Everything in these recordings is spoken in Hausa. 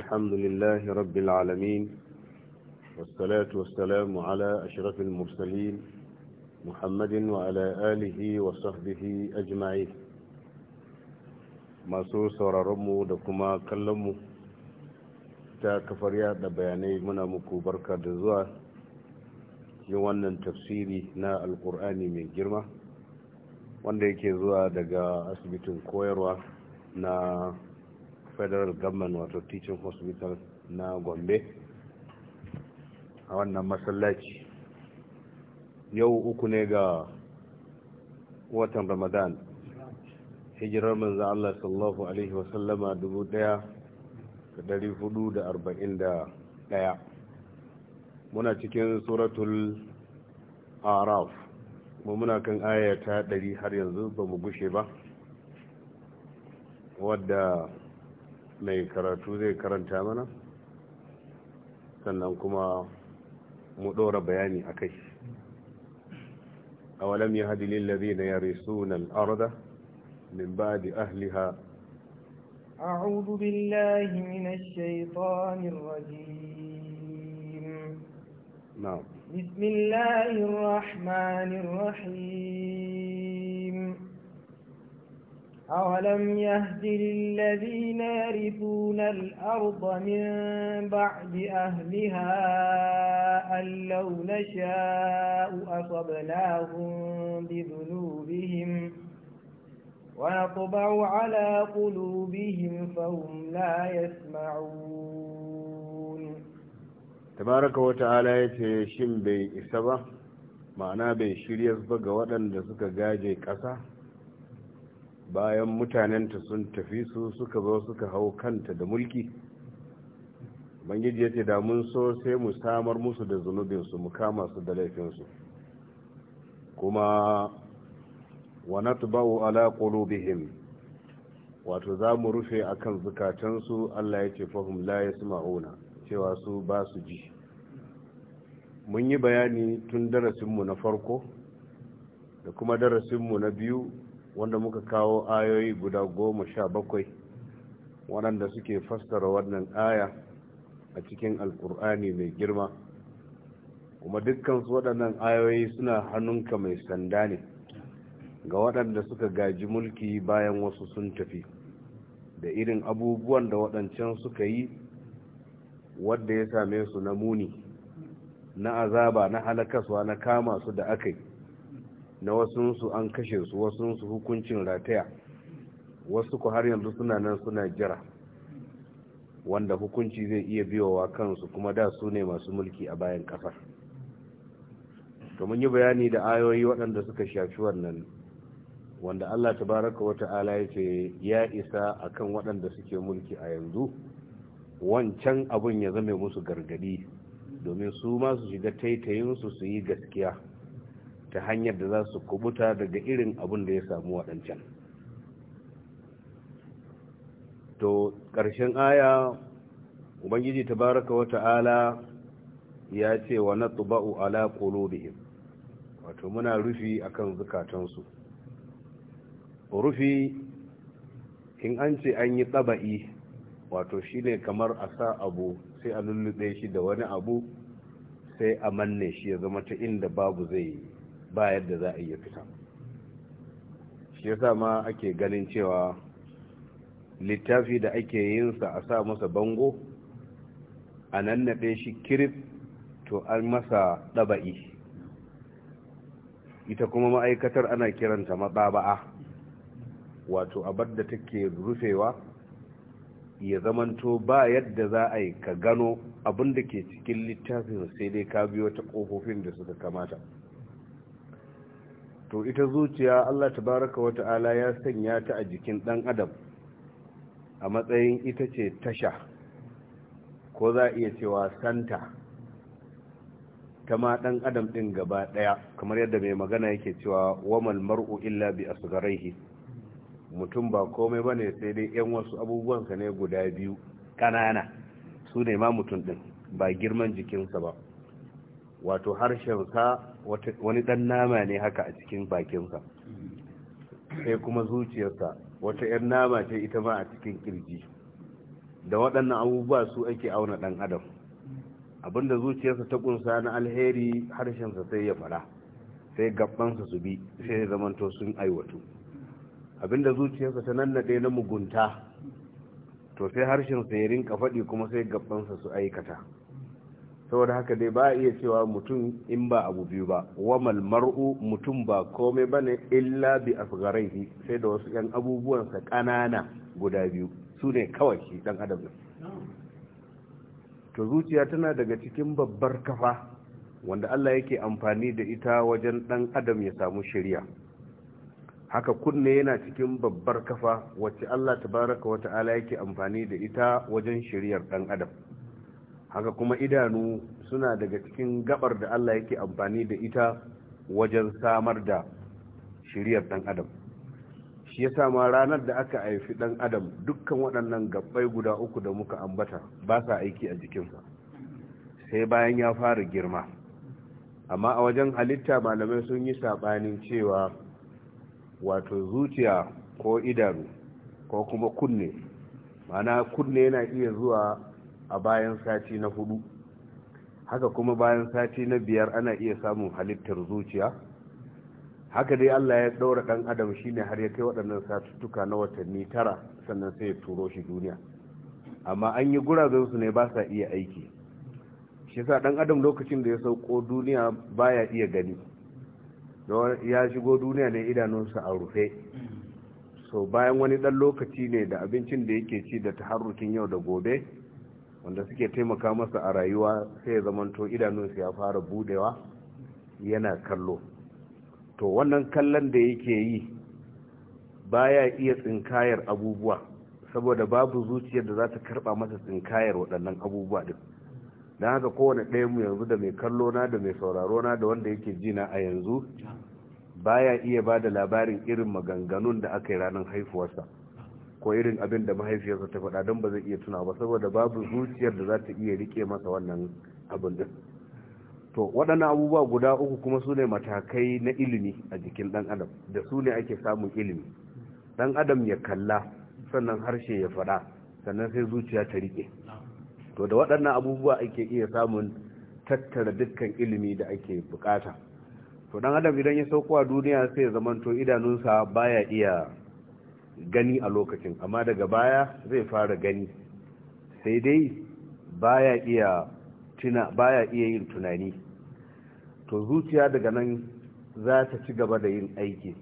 الحمد لله رب العالمين والصلاة والسلام على أشرف المرسلين محمد وعلى آله وصحبه أجمعين masu sauraronmu da kuma kallon mu ta kafar yada bayanai muna muku barka da zuwa yin wannan tafsiri na alkur'ani mai girma wanda yake zuwa daga asibitin koyarwa na federal government wato teaching hospital na gombe a wannan masallaci yau uku ne ga watan ramadan hijirar manzan Allah sallallahu Alaihi wasallama 1441 muna cikin suratul araf muna kan ayata 100 har yanzu ba mu gushe ba wadda mai karatu zai karanta mana sannan kuma mu dora bayani a kai a walam ya hadi lillazi na yare sunan arda min ba da ahliha أعوذ بالله من الشيطان الرجيم نعم بسم الله الرحمن الرحيم أولم يهد للذين يرثون الأرض من بعد أهلها أن لو نشاء أصبناهم بذنوبهم ونطبع على قلوبهم فهم لا يسمعون تبارك وتعالى يتشم بي إسبا ma'ana bai shirya ba ga waɗanda suka gaje ƙasa bayan mutanenta sun tafi su suka zo suka hau kanta da mulki bangiji ya ce da mun so sai mu samar musu da zunubinsu mu kama su da laifinsu kuma wa natba'u ala qulubihim wato za mu rufe akan zukatansu Allah ya ce fahum la yasma'una cewa su ba su ji mun yi bayani tun darasinmu na farko da kuma darasinmu na biyu wanda muka kawo ayoyi guda goma sha bakwai waɗanda suke fassara wannan aya a cikin alkur'ani mai girma kuma dukkan waɗannan ayoyi suna hannunka mai sanda ne ga waɗanda suka gaji mulki bayan wasu sun tafi da irin abubuwan da waɗancan suka yi wadda ya same su na muni na azaba na halakaswa na kama su da aka yi na wasunsu an kashe su wasunsu hukuncin rataya wasu ku har yanzu suna nan suna jira wanda hukunci zai iya biyowa kansu kuma da su ne masu mulki a bayan kafar to mun yi bayani da ayoyi waɗanda suka shafi wannan wanda Allah tabaraka wata'ala ya ce ya isa akan waɗanda suke mulki a yanzu wancan abun ya zame musu gargadi domin su ma su shiga taitayinsu su yi gaskiya ta hanyar da za su kubuta daga irin abin da ya samu waɗancan to ƙarshen aya ubangiji ta wa ta'ala ya ce wa na tuba'u ala qulubihim wato muna rufi akan zukatansu rufi in an ce an yi tsaba'i wato shi ne kamar a sa abu sai a lullube shi da wani abu sai a manne shi ya zama ta inda babu zai yi ba yadda za a iya fita shi yasa ma ake ganin cewa littafi da ake yin sa a sa masa bango a nannaɗe shi kirif to an masa ɗaba'i ita kuma ma'aikatar ana kiranta maɗaba'a wato abar da take rufewa ya zamanto ba yadda za a yi ka gano abin da ke cikin littafin sai dai ka biyo ta ƙofofin da suka kamata to ita zuciya Allah tabaraka wa ta'ala ya sanya ta a jikin ɗan adam a matsayin ita ce tasha ko za iya cewa santa ta ma ɗan adam ɗin gaba ɗaya kamar yadda mai magana yake cewa wamal mar'u illa bi asgaraihi mutum ba komai ba ne sai dai yan wasu abubuwansa ne guda biyu ƙanana su ne ma mutum ɗin ba girman jikinsa ba wato harshen sa wani dan nama ne haka a cikin bakinsa sai kuma zuciyarsa wata 'yan nama ce ita ma a cikin kirji da waɗannan abubuwa su ake auna ɗan adam abinda zuciyarsa ta kunsa na alheri harshensa sai ya fara sai gabansa su bi sai ya zamanto sun aiwatu abinda zuciyarsa ta nannaɗe na mugunta to sai harshensa ya rinka faɗi kuma sai gabansa su aikata saboda haka dai ba a iya cewa mutum in ba abu biyu ba wamal mar'u mutum ba komai ne illa bi asgharaihi sai da wasu yan abubuwansa kanana guda biyu su ne kawai shi dan adam ne to zuciya tana daga cikin babbar kafa wanda Allah yake amfani da ita wajen dan adam ya samu shari'a haka kunne yana cikin babbar kafa wacce Allah tabaraka wa ta'ala yake amfani da ita wajen shari'ar dan adam haka kuma idanu suna daga cikin gabar da Allah yake amfani da ita wajen samar da shiriyar dan adam shi ya sama ranar da aka haifi dan adam dukkan waɗannan gabbai guda uku da muka ambata ba sa aiki a jikinsa sai bayan ya fara girma amma a wajen halitta malamai sun yi saɓanin cewa wato zuciya ko idanu ko kuma kunne mana kunne yana iya zuwa a bayan sati na hudu haka kuma bayan sati na biyar ana iya samun halittar zuciya haka dai Allah ya ɗaura ɗan adam shine har ya kai waɗannan satuttuka na watanni tara sannan sai ya turo shi duniya amma an yi gurazensu ne ba sa iya aiki shi sa ɗan adam lokacin da ya sauko duniya baya iya gani ya shigo duniya ne idanunsa a rufe so bayan wani ɗan lokaci ne da abincin da yake ci da taharrukin yau da gobe wanda suke taimaka masa a rayuwa sai ya zamanto idanunsa ya fara budewa yana kallo to wannan kallon da yake yi baya iya tsinkayar abubuwa saboda babu zuciyar da za ta karba masa tsinkayar waɗannan abubuwa din don haka kowane ɗaya mu yanzu da mai kallo na da mai sauraro na da wanda yake ji na a yanzu baya iya ba da labarin irin maganganun da aka yi ranar haifuwarsa ko irin abin da mahaifiyarsa ta faɗa don ba zai iya tuna ba saboda babu zuciyar da za ta iya rike masa wannan abin din to waɗannan abubuwa guda uku kuma su ne matakai na ilimi a jikin ɗan adam da su ne ake samun ilimi ɗan adam ya kalla sannan harshe ya faɗa sannan sai zuciya ta rike to da waɗannan abubuwa ake iya samun tattara dukkan ilimi da ake bukata to ɗan adam idan ya sauko duniya sai ya zamanto idanunsa baya iya gani a lokacin amma daga baya zai fara gani sai dai baya iya tuna baya iya yin tunani to zuciya daga nan za ta ci gaba da yin aiki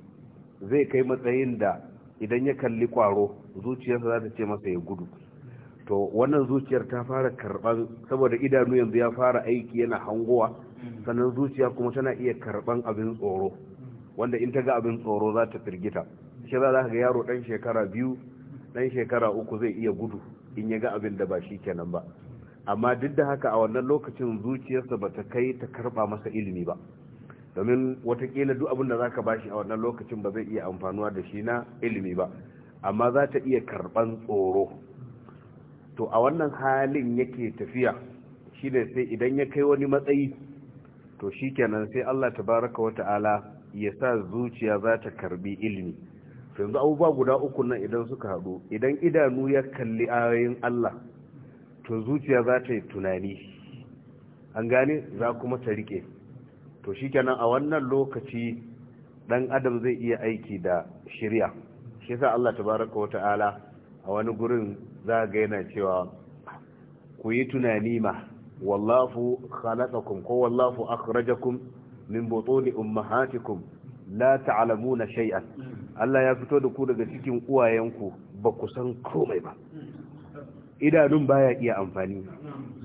zai kai matsayin da idan ya kalli kwaro zuciyarsa za ta ce masa ya gudu to wannan zuciyar ta fara karban saboda idanu yanzu ya fara aiki yana hangowa sannan zuciya kuma tana iya karban abin tsoro wanda in ta ga abin tsoro za ta firgita kira za ka ga yaro dan shekara biyu dan shekara uku zai iya gudu in ya ga abin da ba shi kenan ba amma duk da haka a wannan lokacin zuciyarsa ba ta kai ta karba masa ilimi ba domin watakila duk abin da za ka ba shi a wannan lokacin ba zai iya amfanuwa da shi na ilimi ba amma za ta iya karban tsoro to a wannan halin yake tafiya shi ne sai idan ya kai wani matsayi to shi kenan sai allah tabaraka wata'ala ya sa zuciya za ta karbi ilimi yanzu abubuwa guda uku nan idan suka haɗu idan idanu ya kalli ayoyin Allah to zuciya za ta yi tunani an gane za kuma ta rike to shikenan a wannan lokaci dan adam zai iya aiki da shirya shi sa Allah tabaraka wa ta'ala a wani gurin za ga yana cewa ku yi tunani ma wallahu khalaqakum ko wallahu akhrajakum min butuni ummahatikum la ta'lamuna shay'an Allah ya fito da ku daga cikin uwayenku ba ku san komai ba idanun baya iya amfani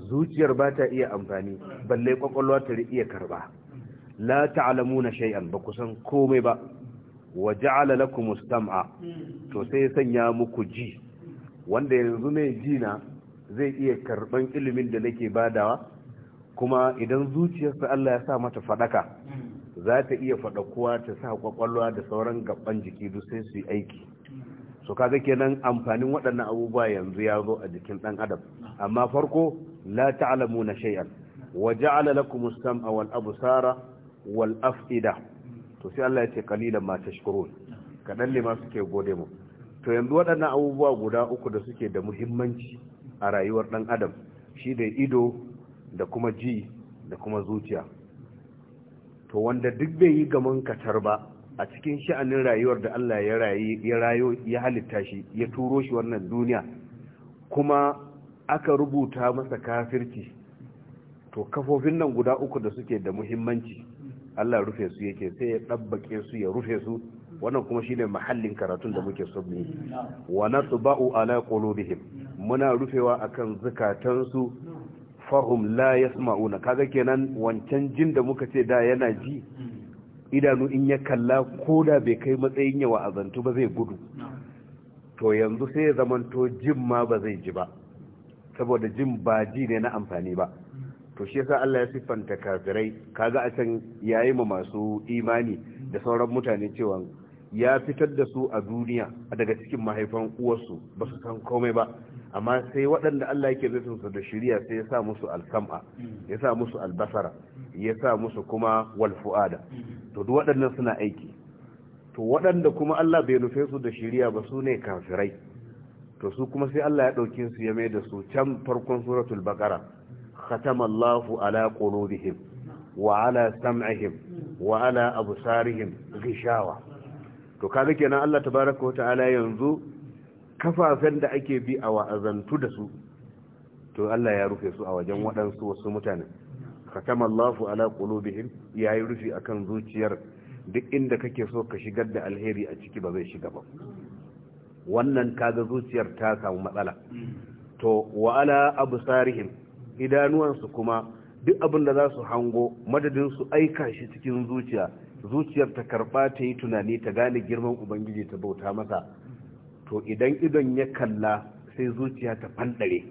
zuciyar ba ta iya amfani balle kwakwalwa ta iya karba la ta'lamuna shay'an ba ku san komai ba wa ja'ala lakum mustam'a to sai sanya muku ji wanda yanzu mai ji na zai iya karban ilimin da nake badawa kuma idan zuciyarsa Allah ya sa mata fadaka za ta iya kuwa ta sa kwakwalwa da sauran gaban jiki duk sai su yi aiki so kaga kenan amfanin waɗannan abubuwa yanzu ya zo a jikin ɗan adam amma farko la ta'lamu na shay'an wa ja'ala lakum as-sam'a wal absara wal af'ida to sai Allah ya ce qalilan ma tashkurun kadan ne ma suke gode mu to yanzu waɗannan abubuwa guda uku da suke da muhimmanci a rayuwar ɗan adam shi da ido da kuma ji da kuma zuciya to wanda duk bai yi gaman katar ba a cikin sha'anin rayuwar da Allah ya rayu ya halitta shi ya turo shi wannan duniya kuma aka rubuta masa kafirci to kafofin nan guda uku da suke da muhimmanci Allah rufe su yake sai ya ɗabbake su ya rufe su wannan kuma shine mahallin karatun da muke so mu wa natba'u ala qulubihim muna rufewa akan zukatansu fahum la yasma'una kaga kenan wancan jin da muka ce da yana ji idanu in ya kalla ko da bai kai matsayin ya wa'azantu ba zai gudu to yanzu sai ya zamanto jin ma ba zai ji ba saboda jin ba ji ne na amfani ba to shi yasa Allah ya siffanta kafirai kaga a can yayi ma masu imani da sauran mutane cewa ya fitar da su a duniya daga cikin mahaifan uwarsu ba su san komai ba amma sai waɗanda Allah yake zai su da shirya sai ya sa musu alsam'a ya sa musu albasara ya sa musu kuma walfu'ada to duk waɗannan suna aiki to waɗanda kuma Allah bai nufe su da shirya ba su ne kafirai to su kuma sai Allah ya ɗauki su ya mai da su can farkon suratul baqara khatama Allahu ala qulubihim wa ala sam'ihim wa ala absarihim to kaga kenan Allah tabaraka wa ta'ala yanzu kafafen da ake bi a wa'azantu da su to Allah ya rufe su a wajen waɗansu wasu mutane khatama Allahu ala qulubihim yayi rufi akan zuciyar duk inda kake so ka shigar da alheri a ciki ba zai shiga ba wannan kaga zuciyar ta samu matsala to wa ala absarihim idanuwansu kuma duk abin da za su hango madadin su aika shi cikin zuciya zuciyar ta karba ta yi tunani ta gane girman ubangiji ta bauta masa to idan idon ya kalla sai zuciya ta fandare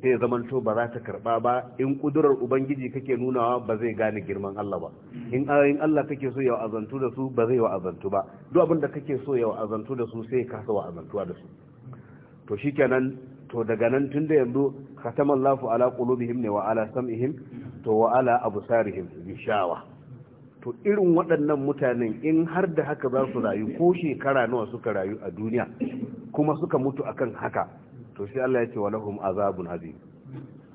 sai ya to ba za ta karba ba in kudurar ubangiji kake nunawa ba zai gane girman Allah ba in ayoyin Allah kake so yawa azantu da su ba zai wa azantu ba duk abin da kake so yawa azantu da su sai ka wa azantuwa da su to shikenan to daga nan tun da yanzu khatamallahu ala qulubihim ne wa ala sam'ihim to wa ala absarihim bishawa to irin waɗannan mutanen in har da haka za su rayu ko shekara nawa suka rayu a duniya kuma suka mutu akan haka to sai Allah ya ce wa lahum azabun azim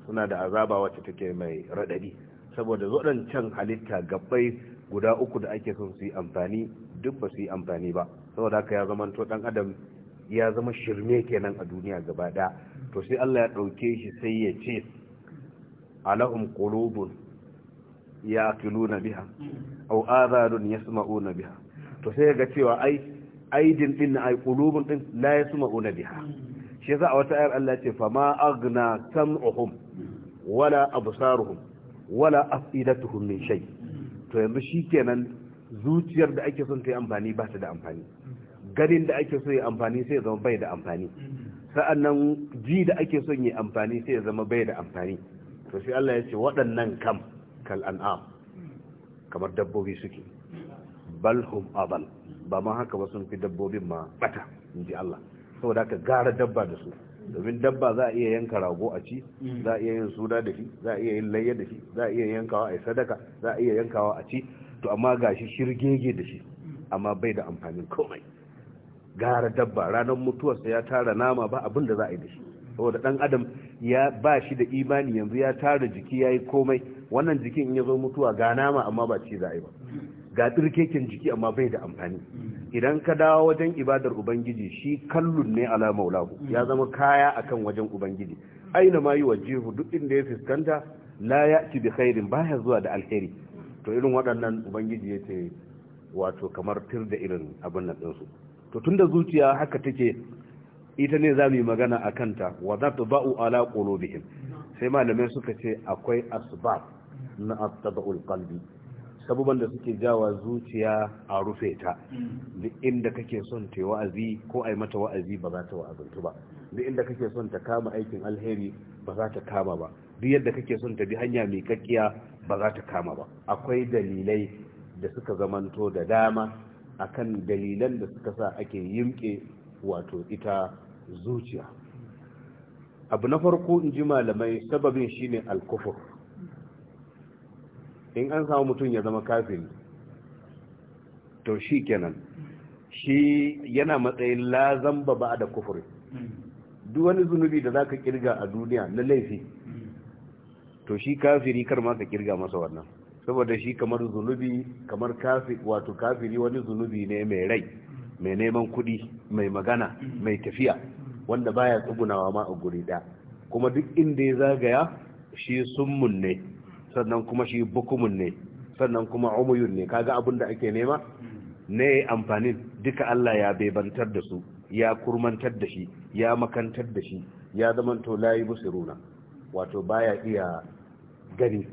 suna da azaba wacce take mai radadi saboda waɗancan halitta gabbai guda uku da ake son su yi amfani duk ba su yi amfani ba saboda haka ya zama to dan adam ya zama shirme kenan a duniya gaba ɗaya to sai Allah ya ɗauke shi sai ya ce alahum qulubun Ya yaqiluna biha aw adhanun yasma'una biha to sai ga cewa ai aidin din ai kulubun din la yasma'una biha shi za a wata ayar Allah ce fa ma aghna sam'uhum wala absaruhum wala afidatuhum min shay to yanzu shikenan zuciyar da ake son ta yi amfani ba ta da amfani ganin da ake son yi amfani sai ya zama bai da amfani sa'annan ji da ake son yi amfani sai ya zama bai da amfani to sai Allah ya ce waɗannan kam kal kamar dabbobi suke bal abal ba ma haka ba sun fi dabbobin ma bata ji Allah saboda ka gara dabba da su domin dabba za a iya yanka rago a ci za a iya yin suna da shi za a iya yin layya da shi za a iya yankawa a yi sadaka za a iya yankawa a ci to amma ga shi shirgege da shi amma bai da amfanin komai gara dabba ranar mutuwarsa ya tara nama ba abin da za a yi da shi saboda dan adam ya ba shi da imani yanzu ya tara jiki ya yi komai wannan jikin in ya zo mutuwa ga nama amma ba ci za ba ga tsirkekin jiki amma bai da amfani idan ka dawo wajen ibadar ubangiji shi kallun ne ala maulahu ya zama kaya akan wajen ubangiji aina ma yi wajihu duk inda ya fuskanta la ya ci bi khairin baya zuwa da alheri to irin waɗannan ubangiji ya ce wato kamar tir da irin abin nan ɗinsu to tunda zuciya haka take ita ne za mu yi magana a kanta wa za ta ba'u ala qulubihim sai malamai suka ce akwai asbab na attaba'ul qalbi sabuban da suke jawa zuciya a rufe ta duk inda kake son ta wa'azi ko ai mata wa'azi ba za ta wa'azantu ba duk inda kake son ta kama aikin alheri ba za ta kama ba duk yadda kake son ta bi hanya mai kakkiya ba za ta kama ba akwai dalilai da suka zamanto da dama akan dalilan da suka sa ake yimke wato ita zuciya abu na farko in ji malamai sababin shine alkufur in an samu mutum ya zama kafin to shi kenan shi yana matsayin lazan ba ba da kufuri duk wani zunubi da za ka kirga a duniya na laifi to shi kafiri kar ma ka kirga masa wannan saboda shi kamar zunubi kamar kafi wato kafiri wani zunubi ne mai rai mai neman kuɗi mai magana mai tafiya wanda baya tsugunawa ma a guri ɗaya kuma duk inda ya zagaya shi summun ne sannan kuma shi bukumun ne sannan kuma umuyun ne kaga abin da ake nema ne amfanin duka Allah ya bebantar da su ya kurmantar da shi ya makantar da shi ya zamanto layi busiruna wato baya iya gani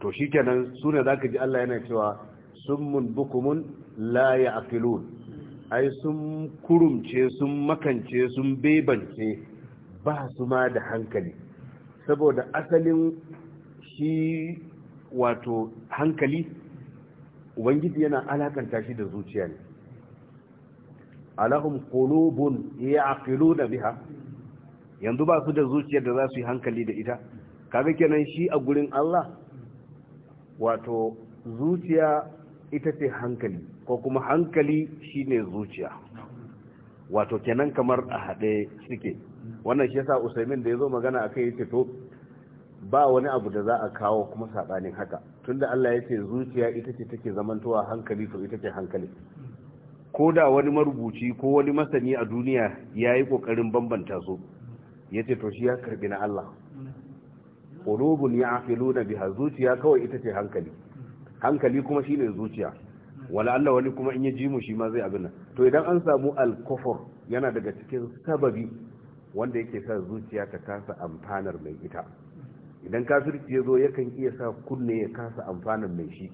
to shikenan su ne zaka ji Allah yana cewa summun bukumun la ya'qilun ai sun kurumce sun makance sun bebance ba su ma da hankali saboda asalin shi wato hankali ubangiji yana alakanta shi da zuciya ne alahum qulubun ya'qiluna biha yanzu ba su da zuciyar da za su yi hankali da ita kaga kenan shi a gurin Allah wato zuciya ita ce hankali ko kuma hankali shine zuciya wato kenan kamar a haɗe suke wannan shi yasa Usaimin da yazo magana akai yace to ba wani abu da za a kawo kuma saɓanin haka tunda Allah ya ce zuciya ita ce take zamantowa hankali to ita ce hankali ko da wani marubuci ko wani masani a duniya ya yi ƙoƙarin bambanta su ya ce to shi ya karɓi na Allah ƙorobin ya afilu na biha zuciya kawai ita ce hankali hankali kuma shi ne zuciya wala Allah wani kuma in ya ji mu shi ma zai abin nan to idan an samu alkufur yana daga cikin sababi wanda yake sa zuciya ta kasa amfanar mai ita idan kafirci ya zo yakan iya sa kunne ya kasa amfanin mai shi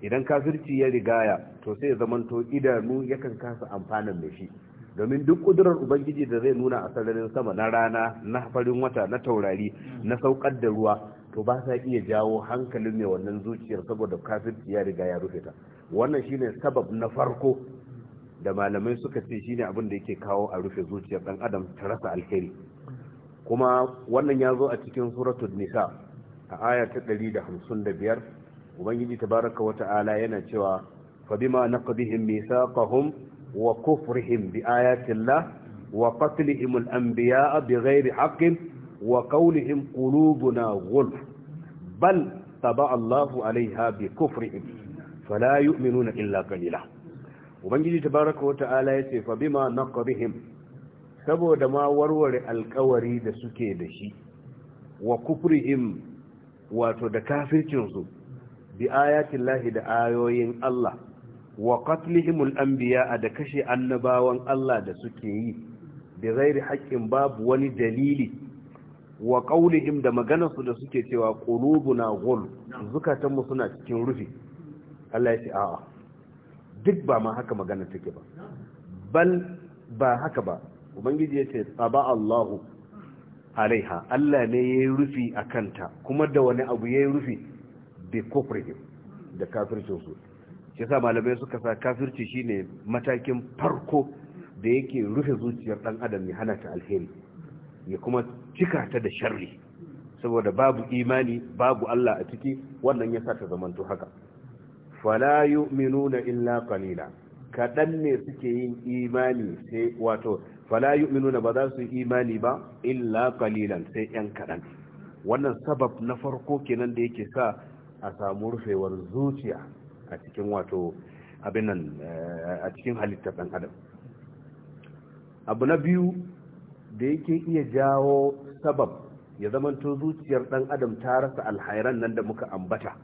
idan kafirci ya rigaya to sai ya zamanto idanu yakan kasa amfanin mai shi domin duk kudurar ubangiji da zai nuna a sararin sama na rana na farin wata na taurari na saukar da ruwa to ba sa iya jawo hankalin mai wannan zuciyar saboda kafirci ya riga ya rufe ta wannan shine sabab na farko da malamai suka ce shine abin da yake kawo a rufe zuciyar dan adam ta rasa alheri kuma wannan ya zo a cikin suratul nisa a aya ta 155 ubangiji tabaraka wa ta'ala yana cewa fabima naqdihim mithaqahum wa kufrihim bi ayati llah wa qatlihim al anbiya'a bighairi haqqin wa qawlihim qulubuna ghulf bal taba Allahu alaiha bi kufrihim fala yu'minuna illa qalila ubangiji tabaraka wa ta'ala yace fabima naqdihim saboda ma warware alkawari da suke da shi wa kufrihim wato da kafircinsu bi ayatin lahi da ayoyin Allah wa qatlihimul anbiya da kashe annabawan Allah da suke yi da zairi haƙƙin babu wani dalili wa qaulihim da maganarsu da suke cewa qulubuna ghul zukatanmu suna cikin rufi Allah ya ce a'a duk ba ma haka magana take ba bal ba haka ba ubangiji ya ce tsaba Allahu alaiha Allah ne ya yayi rufi kanta kuma da wani abu yi rufi da kufrihim da kafircin su shi sa malamai suka sa kafirci shine matakin farko da yake rufe zuciyar ɗan adam ya hana ta alheri ya kuma cika ta da sharri saboda babu imani babu Allah a ciki wannan ya sa ta zamanto haka fala yu'minuna illa qalila Kaɗan ne suke yin imani sai wato fala yu'minuna ba za su yi imani ba illa qalilan sai yan kadan wannan sabab na farko kenan da yake sa a samu rufewar zuciya a cikin wato abin nan eh, a cikin halittar dan adam abu na biyu da yake iya jawo sabab ya zamanto zuciyar dan adam ta rasa alhairan nan da muka ambata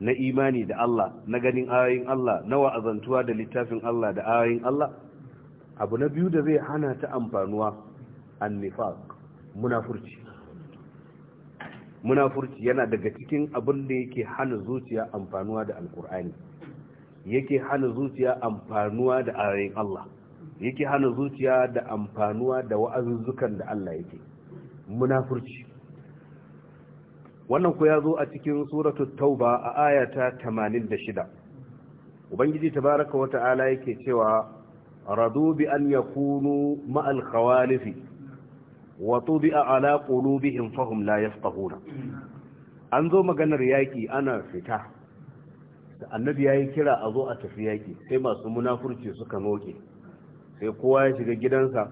na imani da Allah na ganin ayoyin Allah na wa'azantuwa da littafin Allah da ayoyin Allah abu na biyu da zai hana ta amfanuwa annifaq munafurci munafurci yana daga cikin abin da yake hana zuciya amfanuwa da alkur'ani yake hana zuciya amfanuwa da ayoyin Allah yake hana zuciya da amfanuwa da wa'azuzzukan da Allah yake munafurci wannan ku ya zo a cikin suratul tauba a ayata 86 ubangiji tabaraka wata'ala yake cewa radu bi an yakunu ma'al khawalifi wa tubi'a ala qulubihim fahum la yafqahuna an zo maganar yaƙi ana fita da annabi yayi kira a zo a tafi yaki sai masu munafurci suka noke sai kowa ya shiga gidansa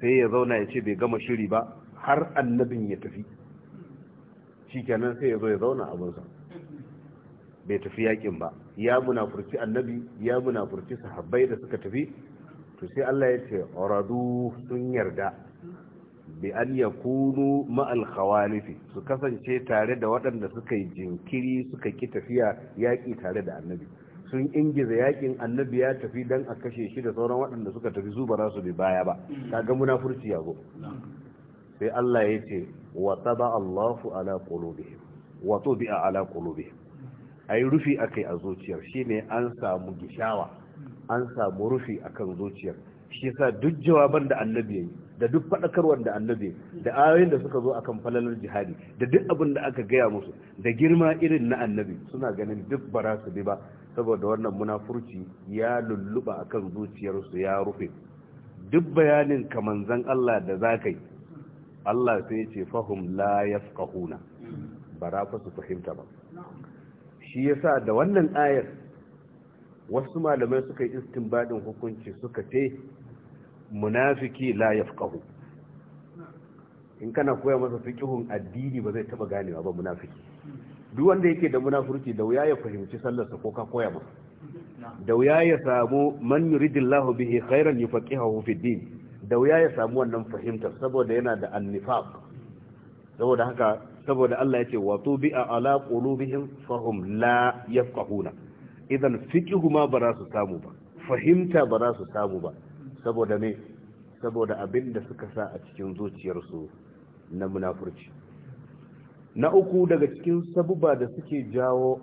sai ya zauna ya ce bai gama shiri ba har annabin ya tafi shikenan sai ya zo ya zauna abinsa bai tafi yaƙin ba ya munafurci annabi ya munafurci sahabbai da suka tafi to sai Allah ya ce radu sun yarda bi an yakunu ma'al khawalifi su kasance tare da waɗanda suka yi jinkiri suka ki tafiya yaƙi tare da annabi sun ingiza yaƙin annabi ya tafi dan a kashe shi da sauran waɗanda suka tafi su ba su bi baya ba kaga munafurci yago sai Allah ya ce wa taba Allahu ala qulubihim wa tubi'a ala qulubihim Ayi rufi a kai a zuciyar shine an samu gishawa an samu rufi a kan zuciyar shi yasa duk jawaban da annabi ya da duk faɗakarwar da annabi da ayoyin da suka zo akan falalar jihadi da duk abin da aka gaya musu da girma irin na annabi suna ganin duk barasu su ba saboda wannan munafurci ya lulluɓa akan zuciyarsu ya rufe duk bayanin kamanzan Allah da za ka yi Allah sai ce fahim la yafqahuna bara fa su fahimta ba shi yasa da wannan ayar wasu malamai suka yi istinbadin hukunci suka ce munafiki la yafqahu in kana koya masa fiqhun addini ba zai taba ganewa ba munafiki duk wanda yake da munafurci da wuya ya fahimci sallarsa ko ka koya masa da wuya ya samu man yuridillahu bihi khairan yufaqihuhu fid din da wuya ya samu wannan fahimtar saboda yana da annifaq saboda haka saboda Allah ya ce bi a ala qulubihim fahum la yafqahuna idan fiqhu ma ba su samu ba fahimta ba za su samu ba saboda me saboda abin da suka sa a cikin zuciyarsu na munafurci na uku daga cikin sabuba da suke jawo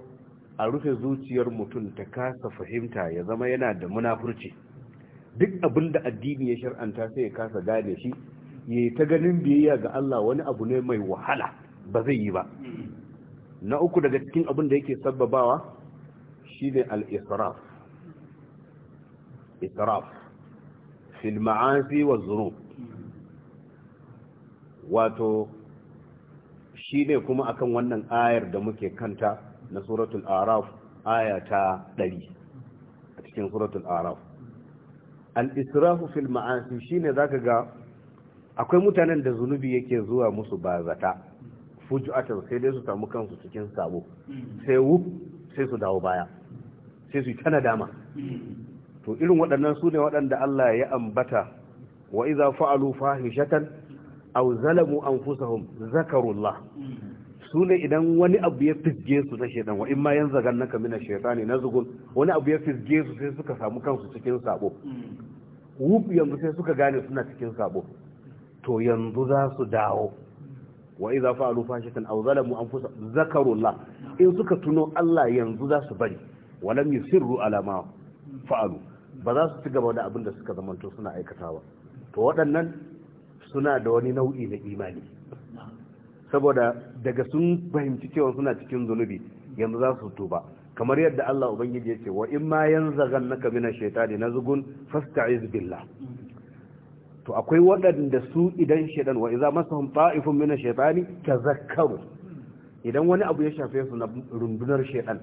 a rufe zuciyar mutum ta kasa fahimta ya zama yana da munafurci duk abin da addini ya shar'anta sai ya kasa gane shi ya ta ganin biyayya ga Allah wani abu ne mai wahala ba zai yi ba na uku daga cikin abin da yake sabbabawa shi ne al-israf israf wa zuru wato shi ne kuma akan wannan ayar da muke kanta na suratul araf aya ta 100 a cikin suratul araf al-israfu fil ma'asi shine zaka ga akwai mutanen da zunubi yake zuwa musu ba zata fujatan sai dai su samu kansu cikin sabo sai wuf sai su dawo baya sai su yi tana dama to irin waɗannan su ne waɗanda Allah ya ambata wa iza fa'alu fahishatan aw zalamu anfusahum zakarullah su ne idan wani abu ya fisge su na shedan wa in ma yan zagan naka mina shaytani zugun wani abu ya fisge su sai suka samu kansu cikin sabo wuf yanzu sai suka gane suna cikin sabo to yanzu za su dawo wa idza fa'alu fashatan aw zalamu anfusahum zakarullah in suka tuno Allah yanzu za su bari walam yusirru ala ma fa'alu ba za su ci gaba da abin da suka zamanto suna aikatawa to waɗannan suna da wani nau'i na imani saboda daga sun fahimci cewa suna cikin zunubi yanzu za su tuba kamar yadda Allah ubangiji ya ce wa in ma yanzagan naka mina shaytani nazgun fasta'iz billah to akwai waɗanda su idan shaidan wa iza masu masahum ta'ifun mina shaidani ta zakaru idan wani abu ya shafe su na rundunar shaidan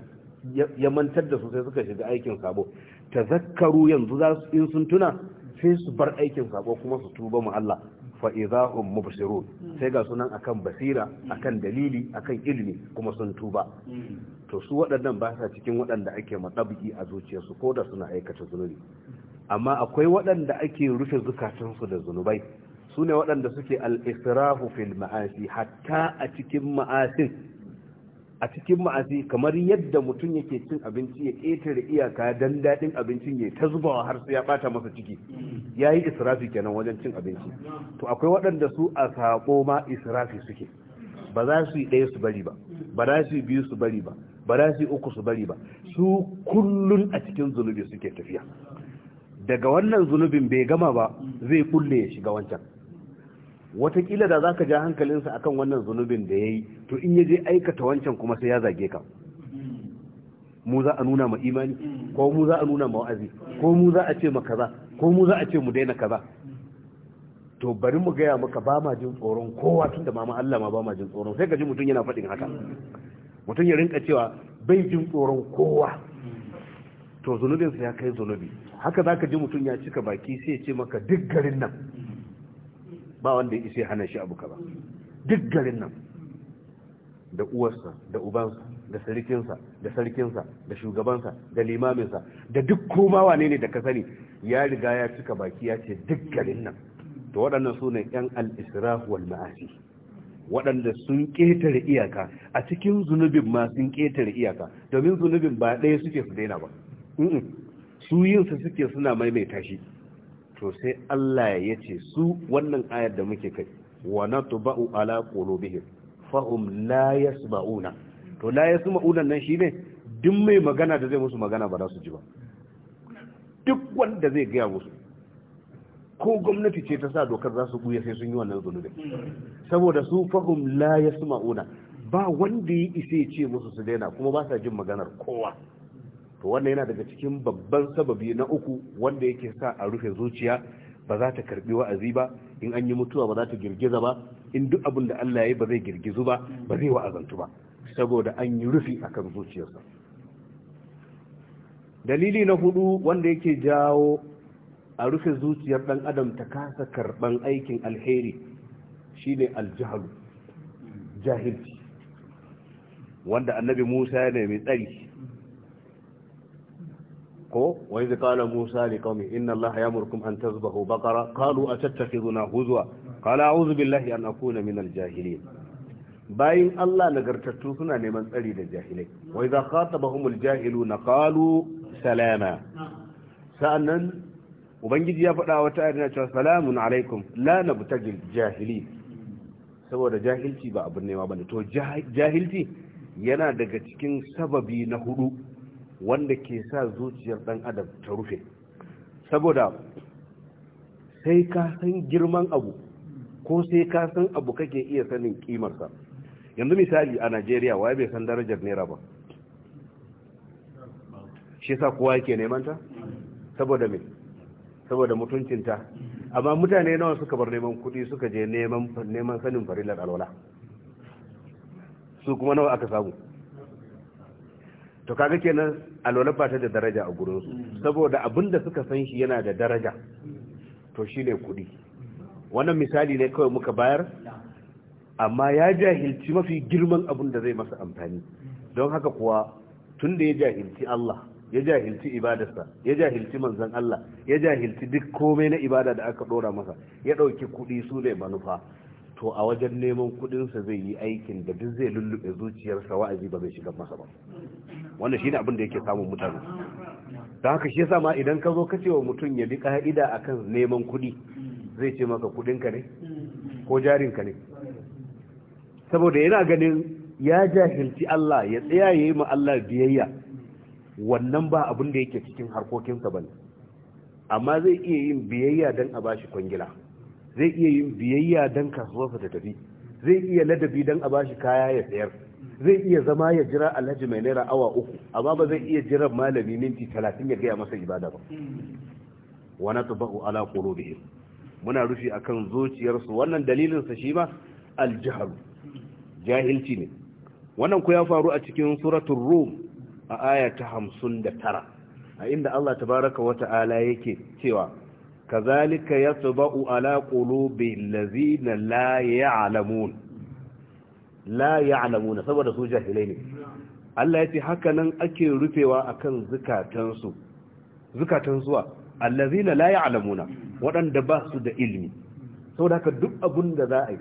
ya mantar da su sai suka shiga aikin sabo ta zakaru yanzu za su in sun tuna sai su bar aikin sabo kuma su tuba mu Allah fa iza hum mubsirun sai ga sunan akan basira akan dalili akan ilimi kuma sun tuba to su waɗannan ba sa cikin waɗanda ake maɗabi'i a zuciyarsu ko da suna aikata zunubi amma akwai waɗanda ake rufe zukatansu da zunubai su ne waɗanda suke al'israfu fil ma'asi hatta a cikin ma'asin a cikin ma'asi kamar yadda mutum yake cin abinci ya ƙetare iyaka don daɗin abincin ya ta zubawa har sai ya ɓata masa ciki ya yi israfi kenan wajen cin abinci to akwai waɗanda su a saƙo ma israfi suke ba za su yi ɗaya su bari ba ba za su yi biyu su bari ba ba za su yi uku su bari ba su kullum a cikin zunubi suke tafiya daga wannan zunubin bai gama ba zai kulle ya shiga wancan watakila da za ka ja hankalinsa akan wannan zunubin da ya yi to in ya je aikata wancan kuma sai ya zage ka mu za a nuna ma imani ko mu za a nuna ma wa'azi ko mu za a ce ma kaza ko mu za a ce mu daina kaza to bari mu gaya maka ba ma jin tsoron kowa tun da mama Allah ma ba ma jin tsoron sai ka ji mutum yana faɗin haka mutum ya rinka cewa bai jin tsoron kowa to zunubinsa ya kai zunubi haka za ka ji mutum ya cika baki sai ce maka duk garin nan ba wanda ya sai hana shi abu ba duk garin nan da uwarsa da ubansa da sarkinsa da sarkinsa da shugabansa da limaminsa da duk koma wane ne da ka sani ya riga ya cika baki ya ce duk garin nan to waɗannan su yan alisraf israf waɗanda sun ƙetare iyaka a cikin zunubin ma sun ƙetare iyaka domin zunubin ba ɗaya suke su daina ba su yinsa suke suna maimaita shi to sai Allah ya ce su wannan ayar da muke kai wa natba'u ala qulubihim fahum la yasma'una to la yasma'una nan shine duk mai magana da zai musu magana ba za su ji ba duk wanda zai gaya musu ko gwamnati ce ta sa dokar za su buya sai sun yi wannan zunubi saboda su fahum la yasma'una ba wanda ya ise ce musu su daina kuma ba sa jin maganar kowa to wannan yana daga cikin babban sababi na uku wanda yake sa a rufe zuciya ba za ta karbi wa'azi ba in an yi mutuwa ba za ta girgiza ba in duk abin da Allah ya yi ba zai girgizu ba ba zai wa'azantu ba saboda an yi rufi akan zuciyarsa dalili na hudu wanda yake jawo a rufe zuciyar dan adam ta kasa karban aikin alheri shine aljahalu jahilci wanda annabi Musa ya nemi tsari ko wa idh qala musa liqaumi inna allaha ya'murukum an tazbahu baqara qalu atattakhiduna huzwa qala a'udhu billahi an akuna minal jahilin bayin Allah nagartattu suna neman tsari da jahilai wa idh khatabahumul jahiluna qalu salama sa'annan ubangiji ya faɗa wata ayar cewa salamun alaikum la nabtagil jahili saboda jahilci ba abin nema bane to jahilci yana daga cikin sababi na hudu wanda ke sa zuciyar dan adam ta rufe saboda sai ka san girman abu ko sai ka san abu kake iya sanin kimarsa yanzu misali a najeriya waye bai san darajar naira ba shi sa kowa yake neman ta saboda me saboda mutuncinta amma mutane nawa suka bar neman kuɗi suka je neman sanin farilar alwala su kuma nawa aka samu to kaga kenan alwala ba ta da daraja a gurin su saboda abin da suka san shi yana da daraja to shine kuɗi wannan misali ne kawai muka bayar amma ya jahilci mafi girman abin da zai masa amfani don haka kuwa tun da ya jahilci Allah ya jahilci ibadarsa ya jahilci manzon Allah ya jahilci duk komai na ibada da aka dora masa ya ɗauki kuɗi su ne manufa to a wajen neman kuɗinsa zai yi aikin da duk zai lullube zuciyarsa wa'azi ba zai shiga masa ba shi ne abin da yake samun mutane ta haka shi sama ma idan ka zo ka wa mutum ya bi ka'ida kan neman kuɗi zai ce maka kuɗinka ne ko jarinka ne saboda yana ganin ya jahilci Allah ya tsaya ya yi Allah biyayya wannan ba abin da yake cikin harkokinsa ba ne amma zai iya yin biyayya don a bashi kwangila zai iya yin biyayya don kasuwarsa ta tafi zai iya ladabi don a bashi kaya ya tsayar zai iya zama ya jira alhaji mai naira awa uku amma ba zai iya jira malami minti talatin ya gaya masa ibada ba Wani natba'u ala qulubihim muna rufi akan zuciyarsu wannan dalilin sa shi ba aljahal jahilci ne wannan ku ya faru a cikin suratul rum a aya ta tara. a inda Allah baraka wata ala yake cewa kazalika yatba'u ala qulubil ladzina la ya'lamun la ya'lamuna saboda su jahilai ne Allah ya ce haka nan ake rufewa akan zukatansu zukatan zuwa allazina la ya'lamuna waɗanda ba su da ilimi saboda haka duk abun da za a yi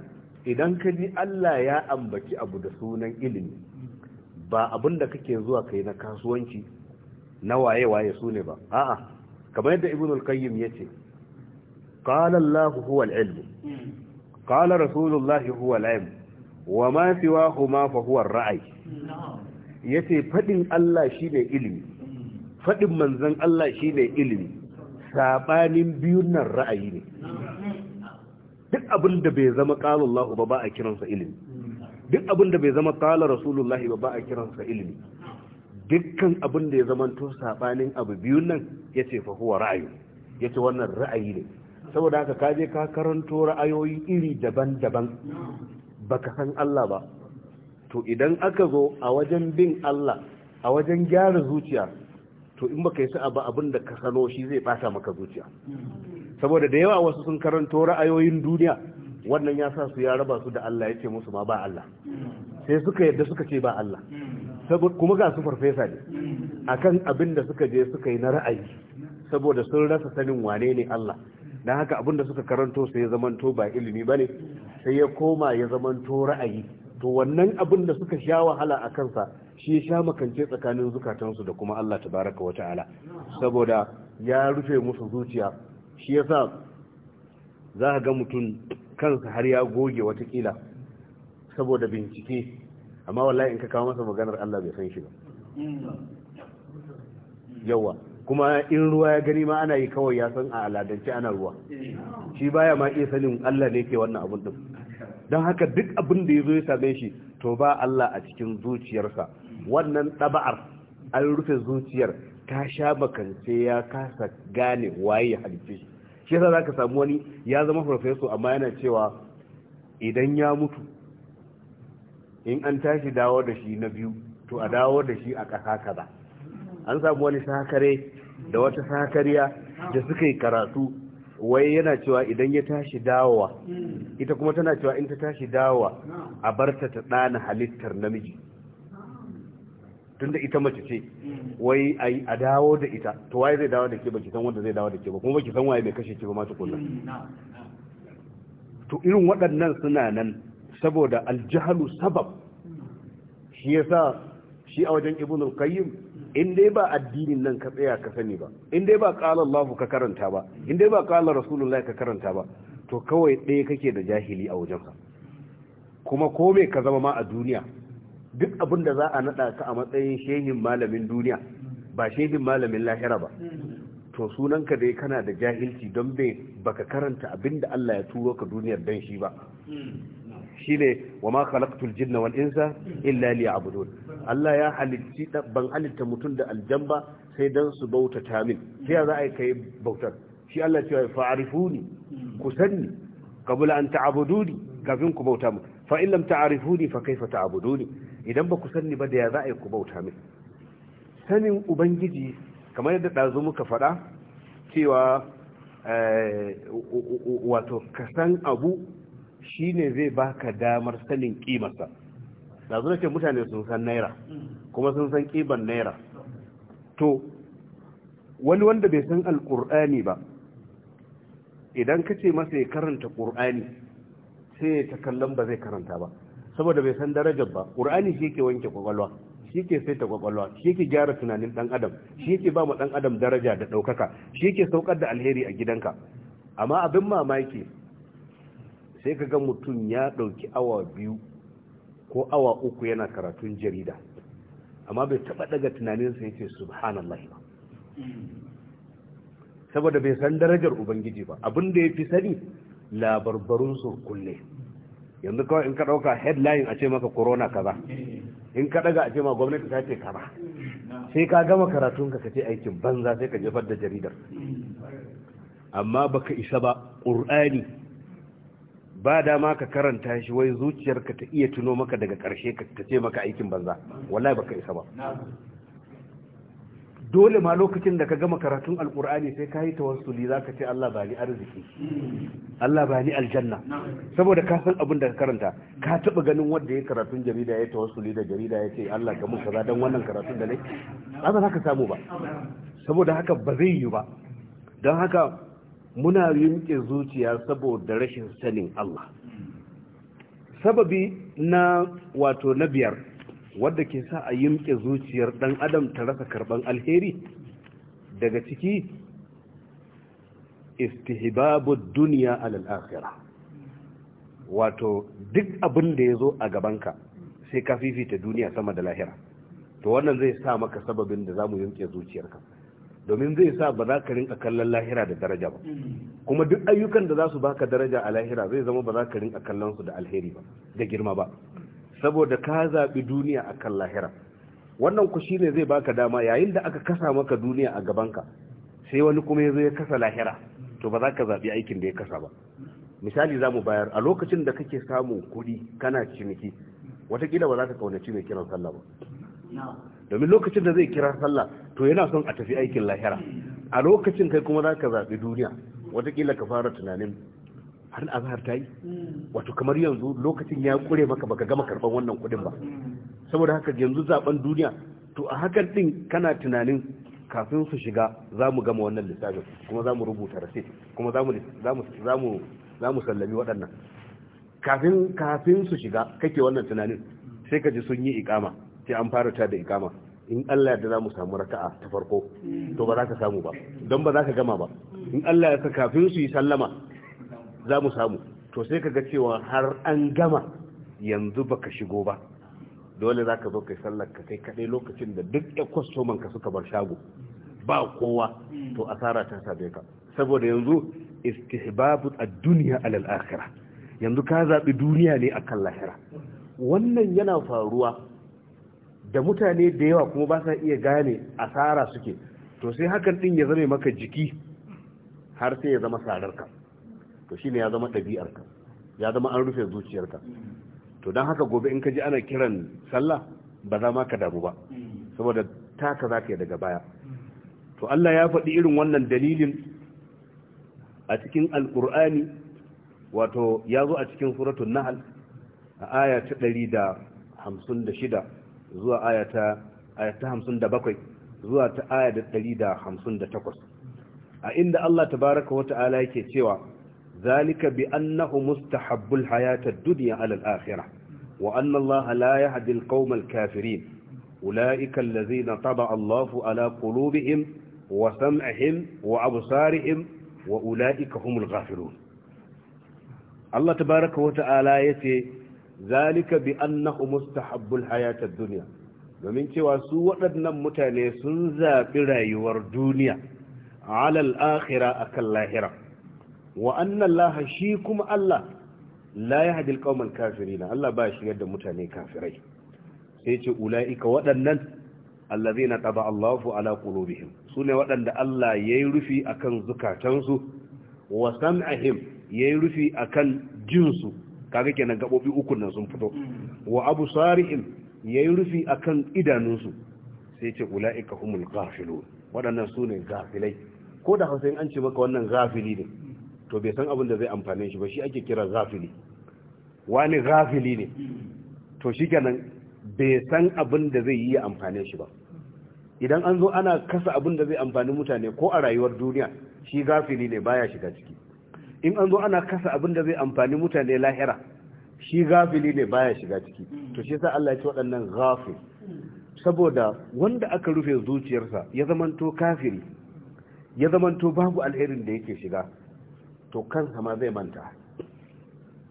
idan ka ji Allah ya ambaci abu da sunan ilimi ba abun da kake zuwa kai na kasuwanci na waye waye su ne ba a'a kamar yadda ibnu al-qayyim yace qala Allah huwa al-ilm hmm. qala rasulullahi huwa al-ilm wa ma siwahuma fa huwa ra'ayi yace fadin Allah shine ilimi fadin manzon Allah shine ilimi sabanin biyun nan ra'ayi ne duk abin da bai zama qala Allah ba ba a kiransa ilimi duk abin da bai zama qala rasulullahi ba ba a kiransa ilimi dukkan abin da ya zama to sabanin abu biyun nan yace fa huwa ra'ayi yace wannan ra'ayi ne saboda haka ka je ka karanto ra'ayoyi iri daban-daban baka san Allah ba to idan aka zo a wajen bin Allah a wajen gyara zuciya to in baka yi sa'a ba abin da ka sano shi zai bata maka zuciya saboda da yawa wasu sun karanto ra'ayoyin duniya wannan ya sa su ya raba su da Allah ya ce musu ma ba Allah sai suka yadda suka ce ba Allah saboda kuma ga su farfesa ne akan abin da suka je suka yi na ra'ayi saboda sun rasa sanin wane ne Allah don haka abin da suka karanto sai ya zamanto ba ilimi ba ne sai ya koma ya zamanto ra'ayi to wannan abin da suka sha wahala a kansa shi ya sha makance tsakanin zukatansu da kuma Allah tabaraka wa ta'ala saboda ya rufe musu zuciya shi yasa za ka ga mutum kansa har ya goge watakila saboda bincike amma wallahi in ka kawo masa maganar Allah bai san shi ba yawa kuma in ruwa ya gani ma ana yi kawai ya san a aladance ana ruwa shi baya ma iya sanin Allah ne ke wannan abun din don haka duk abin da ya zo ya same shi to ba Allah a cikin zuciyarsa wannan ɗaba'ar an rufe zuciyar ta sha makance ya kasa gane waye ya halice shi shi yasa zaka samu wani ya zama farfeso amma yana cewa idan ya mutu in an tashi dawo da shi na biyu to a dawo da shi a ƙasa kaza an samu wani sakare da wata sakariya da suka yi karatu wai yana cewa idan ya tashi dawowa ita kuma tana cewa in ta tashi dawowa a barta ta ɗana halittar namiji tunda ita mace ce wai ai a dawo da ita to wai zai dawo da ke baki san wanda zai dawo da ke ba kuma baki san waye mai kashe ki ba ma tukunna to irin waɗannan suna nan saboda aljahalu sabab shi yasa shi a wajen ibnul qayyim in dai ba addinin nan ka tsaya ka sani ba in dai ba qala Allah ka karanta ba in dai ba qala Rasulullahi ka karanta ba to kawai ɗaya kake da jahili a wajen ka kuma ko me ka zama ma a duniya duk abin da za a naɗa ka a matsayin shehin malamin duniya ba shehin malamin lahira ba to sunan ka dai kana da jahilci don bai baka karanta abinda Allah ya turo ka duniyar dan shi ba shine wa ma khalaqtul jinna wal insa illa liya'budun Allah ya halitti ban halitta mutum da aljan ba sai dan su bautata min sai za a kai bautar shi Allah cewa fa'arifuni ku sanni qabla an ta'buduni kafin ku bauta min fa in lam ta'rifuni fa kaifa ta'buduni idan ba ku sanni ba da ya za a ku bauta min sanin ubangiji kamar yadda dazu muka faɗa cewa eh, wato ka san abu Shi ne zai ba ka damar sanin kimarsa da zuwa ce mutane sun san naira kuma sun san kiban naira to wani wanda bai san alkur'ani ba idan ka ce masa ya karanta ƙur'ani sai ya ta kallon ba zai karanta ba saboda bai san darajar ba ƙur'ani shi ke wanke kwakwalwa shi ke saita kwakwalwa shi ke gyara tunanin ɗan adam shi ke ba mu ɗan adam daraja da ɗaukaka shi ke saukar da alheri a gidanka amma abin mamaki sai ka ga mutum ya ɗauki awa biyu ko awa uku yana karatun jarida amma bai taɓa daga tunaninsa ya ce subhanallah ba saboda bai san darajar ubangiji ba abin da ya fi sani labarbarun kulle yanzu kawai in ka ɗauka headline a ce maka corona kaza in ka ɗaga a ce ma gwamnati ta ce kaza sai ka gama karatun ka ce aikin banza sai ka jefar da jaridar amma baka isa ba ƙur'ani ba dama ka karanta shi wai zuciyarka ta iya tuno maka daga ƙarshe ta ce maka aikin banza wallahi baka isa ba dole ma lokacin da ka gama karatun alkur'ani sai ka yi tawassuli za ka ce Allah ba ni arziki Allah ba ni aljanna saboda ka san abin da ka karanta ka taɓa ganin wanda ya karatun jarida ya tawassuli da jarida ya ce Allah ka mun kaza don wannan karatun da nai ba za ka samu ba saboda haka ba zai yi ba don haka muna rinke zuciya saboda rashin sanin Allah sababi na wato na biyar wadda ke sa a yimke zuciyar dan adam ta rasa karban alheri daga ciki istihbabu duniya alal akhirah wato duk abin da yazo a gabanka sai ka fifita duniya sama da lahira to wannan zai sa maka sababin da zamu yimke zuciyarka domin zai sa ba za ka rinka kallon lahira da daraja ba kuma duk ayyukan da za su baka daraja a lahira zai zama ba za ka rinka kallon su da alheri ba da girma ba saboda ka zaɓi duniya a kan lahira wannan ku shine zai baka dama yayin da aka kasa maka duniya a gabanka sai wani kuma ya zo ya kasa lahira to ba za ka zaɓi aikin da ya kasa ba misali za mu bayar a lokacin da kake samun kuɗi kana ciniki watakila ba za ka kauna mai kiran sallah ba domin lokacin da zai kira sallah to yana son a tafi aikin lahira a lokacin kai kuma za ka zaɓi duniya watakila ka fara tunanin har azhar ta yi wato kamar yanzu lokacin ya kure maka baka gama karban wannan kuɗin ba saboda haka yanzu zaɓen duniya to a hakan din kana tunanin kafin su shiga za mu gama wannan lissafin kuma za mu rubuta rasit kuma za mu sallami waɗannan kafin su shiga kake wannan tunanin sai ka ji sun yi ikama sai an fara ta da ikama in Allah da za mu samu raka'a ta farko to ba za ka samu ba don ba za ka gama ba in Allah ya kafin su yi sallama za mu samu to sai ka ga cewa har an gama yanzu baka shigo ba dole za ka zo kai sallar ka kai kaɗai lokacin da duk ya kwastoman ka suka bar shago ba kowa to asara ta same ka saboda yanzu istihbabu ad-dunya alal akhirah yanzu ka zaɓi duniya ne akan lahira wannan yana faruwa da mutane da yawa kuma ba sa iya gane asara suke to sai hakan din ya zame maka jiki har sai ya zama sararka to shine ya zama ɗabi'arka ya zama an rufe zuciyarka to don haka gobe in ka ji ana kiran sallah ba za ma ka damu ba saboda taka za ka yi daga baya to Allah ya faɗi irin wannan dalilin a cikin alƙur'ani wato ya zo a cikin suratun nahal a aya ta shida. zuwa ayata ayata 57 zuwa ta da 158 a inda Allah tabaraka wa ta'ala yake cewa zalika bi annahu mustahabbul hayatad dunya ala al-akhirah wa anna Allah la yahdi al-qawma al-kafirin ulaika allazina taba'a Allahu ala qulubihim wa sam'ihim wa absarihim wa ulaika humul ghafilun Allah tabaraka wa ta'ala yace zalika bi annahu mustahabbul hayatad dunya domin cewa su waɗannan mutane sun zaɓi rayuwar duniya alal akhira akan lahira wa annallaha shi kuma Allah la yahdil qauman kafirin Allah ba shi yadda mutane kafirai sai ce ulaika waɗannan allazina taba Allahu ala qulubihim sune waɗanda Allah yayi rufi akan zukatansu wa sam'ihim yayi rufi akan jinsu kaga kenan gabobi uku nan sun fito hmm. wa abu sarihin yayi rufi akan idanunsu sai ce ulaika humul ghafilun waɗannan su ne gafilai ko da hausa an ce maka wannan ghafili ne to bai san abin da zai amfane shi ba shi ake kira gafili wani gafili ne to shi kenan bai san abin da zai yi ya amfane shi ba idan an zo ana kasa abin da zai amfani mutane ko a rayuwar duniya shi gafili ne baya shiga ciki in an zo ana kasa abin da zai amfani mutane lahira shi gafili ne baya shiga ciki to shi yasa Allah ya ce waɗannan ghafil saboda wanda aka rufe zuciyarsa ya zamanto kafiri ya zamanto babu alherin da yake shiga to kansa ma zai manta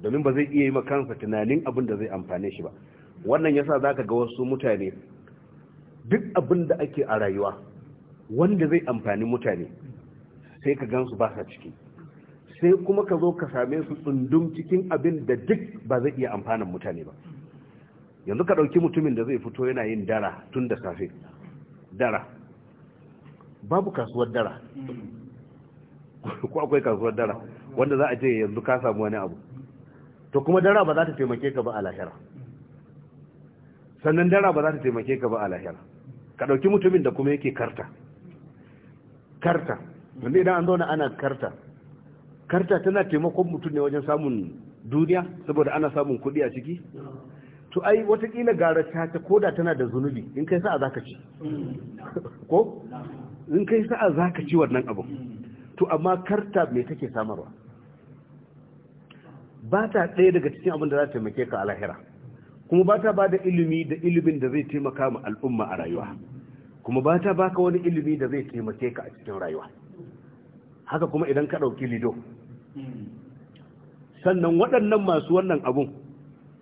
domin ba zai iya yi kansa tunanin abin da zai amfane shi ba wannan yasa zaka ga wasu mutane duk abin da ake a rayuwa wanda zai amfani mutane sai ka gansu ba sa ciki sai kuma ka zo ka same su tsundum cikin abin da duk ba zai iya amfanin mutane ba yanzu ka ɗauki mutumin da zai fito yana yin dara tun da safe dara babu kasuwar dara ko akwai kasuwar dara wanda za a ce yanzu ka samu wani abu to kuma dara ba za ta taimake ka ba a lahira sannan dara ba za ta taimake ka ba a lahira ka ɗauki mutumin da kuma yake karta karta wanda idan an zauna ana karta karta tana taimakon mutum ne wajen samun duniya saboda ana samun kuɗi a ciki to ai watakila gara ta ta koda tana da zunubi in kai sa'a zaka ci ko in kai sa'a zaka ci wannan abu to amma karta me take samarwa ba ta ɗaya daga cikin abin da za ta taimake ka a lahira kuma ba ta ba da ilimi da ilimin da zai taimaka ma al'umma a rayuwa kuma ba ta baka wani ilimi da zai taimake ka a cikin rayuwa haka kuma idan ka ɗauki lido sannan waɗannan masu wannan abun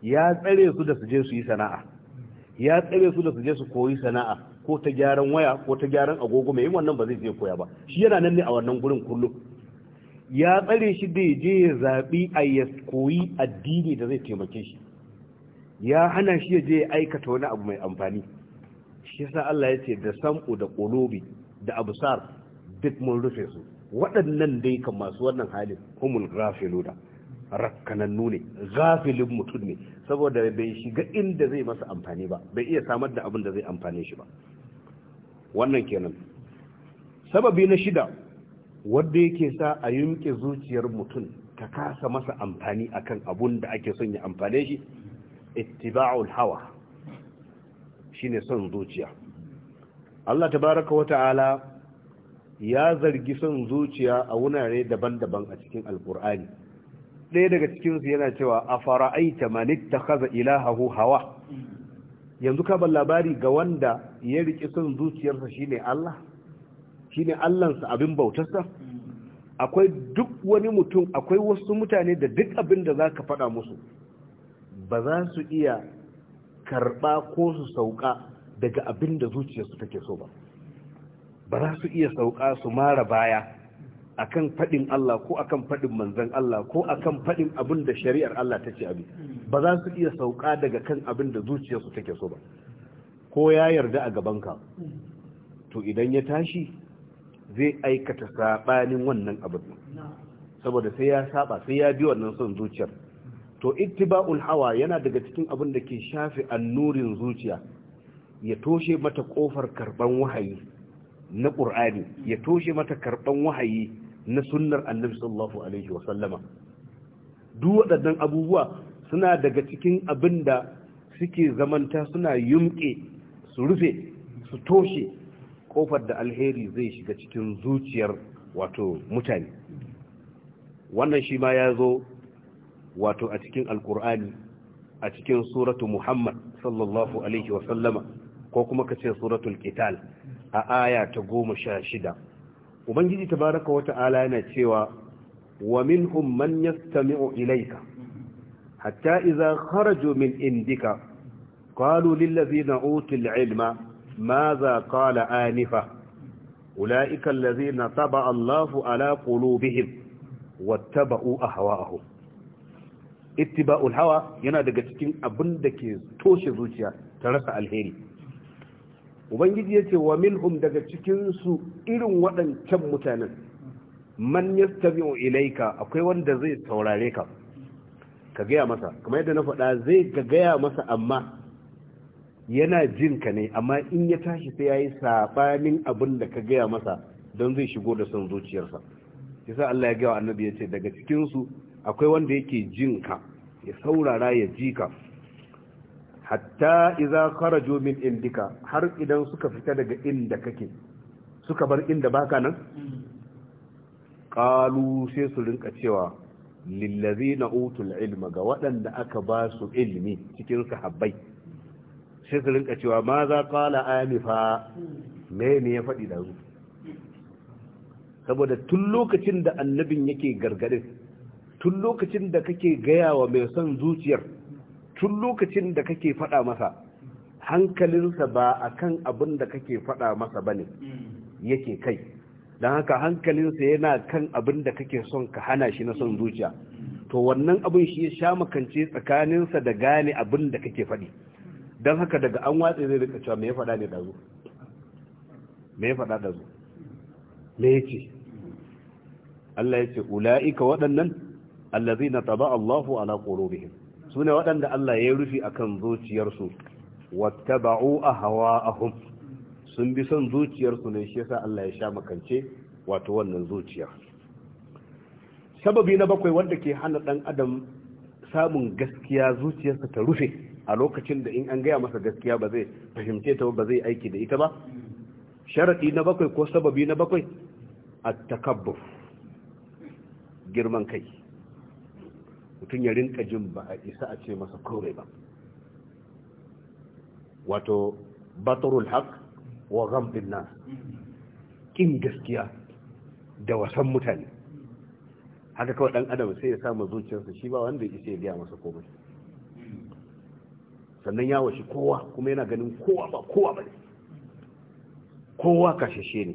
ya tsare su da su je su yi sana'a ya tsare su da su je su koyi sana'a ko ta gyaran waya ko ta gyaran agogo mai yin wannan ba zai je koya ba shi yana nan ne a wannan gurin kullum ya tsare shi da ya je ya zaɓi a ya koyi addini da zai taimake shi ya hana shi ya je ya aikata wani abu mai amfani shi yasa Allah ya ce da sam'u da ƙulobi da Abusar duk mun rufe su waɗannan dai kan masu wannan halin humul da rakkanannu ne gafilin mutum ne saboda bai shiga inda zai masa amfani ba bai iya samar da abin da zai amfane shi ba wannan kenan sababi na shida wanda yake sa a yunke zuciyar mutum ta kasa masa amfani akan abun da ake son ya amfane shi ittiba'ul hawa shine son zuciya Allah tabaraka wa ta'ala ya zargi son zuciya a wurare daban-daban a cikin alkur'ani ɗaya daga cikinsu yana cewa a fara'aita manit ta kaza ilahahu hawa yanzu ka ban labari ga wanda ya riƙe son zuciyarsa shine Allah shine Allahnsa abin bautarsa akwai duk wani mutum akwai wasu mutane da duk abin da za ka faɗa musu ba za su iya karɓa ko su sauka daga abin da zuciyarsu take so ba ba za su iya sauka su mara baya akan faɗin Allah ko akan faɗin manzan Allah ko akan faɗin abin da shari'ar Allah ta ce abin ba za su iya sauka daga kan abin da zuciyarsu take so ba ko ya yarda a gabanka to idan ya tashi zai aikata saɓanin wannan abin saboda sai ya saba sai ya bi wannan son zuciyar to ittiba'ul hawa yana daga cikin abin da ke shafe annurin zuciya ya toshe mata kofar karban wahayi na ƙur'ani ya toshe mata karɓan wahayi na sunnar annabi sallallahu alaihi wa sallama duk waɗannan abubuwa suna daga cikin abin da suke zamanta suna yumƙe su rufe su toshe ƙofar da alheri zai shiga cikin zuciyar wato mutane wannan shi ma ya zo wato a cikin alƙur'ani a cikin suratu muhammad sallallahu alaihi wa sallama ko kuma ka ce suratul qital a aya ta goma sha shida ubangiji tabaraka wata ala yana cewa wa minhum man yastami'u ilayka hatta idza kharaju min indika qalu lil ladzina utul ilma madha qala anifa ulaika allazina taba Allahu ala qulubihim wattaba'u ahwa'ahum ittiba'ul hawa yana daga cikin abin da ke toshe zuciya ta rasa alheri ubangiji ya ce wa minhum daga cikinsu irin waɗancan mutanen man yastabi'u ilaika akwai wanda zai saurare ka ka gaya masa kamar yadda na faɗa zai ga gaya masa amma yana jin ka ne amma in ya tashi sai yayi sabanin abin da ka gaya masa don zai shigo da son zuciyarsa yasa Allah ya gaya wa annabi ya ce daga cikinsu akwai wanda yake jin ka ya saurara ya ji ka hatta iza kharaju min indika har idan suka fita daga inda kake suka bar inda baka nan qalu sai su rinka cewa lillazina utul ilma ga waɗanda aka ba su ilmi cikin habbai sai su rinka cewa ma za qala anifa me ne ya faɗi da saboda tun lokacin da annabin yake gargaɗin tun lokacin da kake gaya wa mai son zuciyar tun lokacin da kake faɗa masa hankalinsa ba a kan abin da kake faɗa masa ba ne yake kai don haka hankalinsa yana kan abin da kake son ka hana shi na son zuciya to wannan abin shi ya sha makance tsakaninsa da gane abin da kake faɗi don haka daga an watsa zai rika cewa me ya faɗa ne da zo me ya faɗa da zo me ya ce Allah ya ce ula'ika waɗannan na taba Allahu ala bihin." su ne waɗanda Allah ya rufi a kan zuciyarsu wata ba'u a hawa a hun sun bi son zuciyarsu ne shi yasa Allah ya sha makance wato wannan zuciya sababi na bakwai wanda ke hana ɗan adam samun gaskiya zuciyarsa ta rufe a lokacin da in an gaya masa gaskiya ba zai fahimce ta ba zai aiki da ita ba sharaɗi na bakwai ko sababi na bakwai a takabbur girman kai mutum ya rinka jin ba a isa a ce masa kore ba wato batarul haq wa ghamdin na kin gaskiya da wasan mutane haka kawai ɗan adam sai ya samu zuciyarsa shi ba wanda isa ya biya masa komai sannan ya washe kowa kuma yana ganin kowa ba kowa ba ne kowa kashashe ne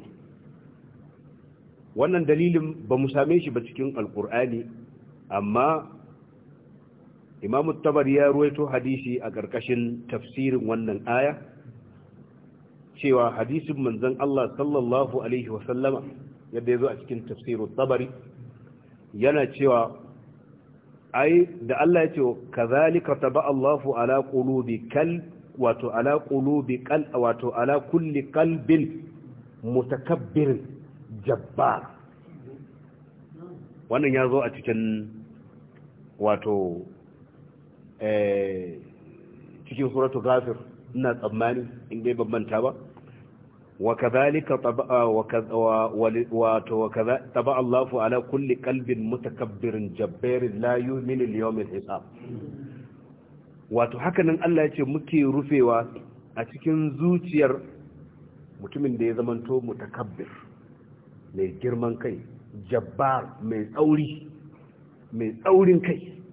wannan dalilin ba mu same shi ba cikin alkur'ani amma imamu tabar ya ruwaito hadisi a ƙarƙashin tafsirin wannan aya cewa hadisin manzon Allah sallallahu alaihi wasallama yadda ya zo a cikin tafsirin tabari yana cewa ai da Allah ya ce kazalika taba Allahu ala qulubi kal wato ala qulubi kal wato ala kulli qalbin mutakabbir jabbar wannan ya zo a cikin wato Eh, cikin suratu ghafir ina tsammani in ya ban ba wa kadhalika taba Allahu ala kulli qalbin mutakabbirin jabbarin la yu'minu al-yawmil hisab wato hakanan Allah ya ce muke rufewa a cikin zuciyar mutumin da ya zamanto mutakabbir mai girman kai jabbar mai tsauri mai tsaurin kai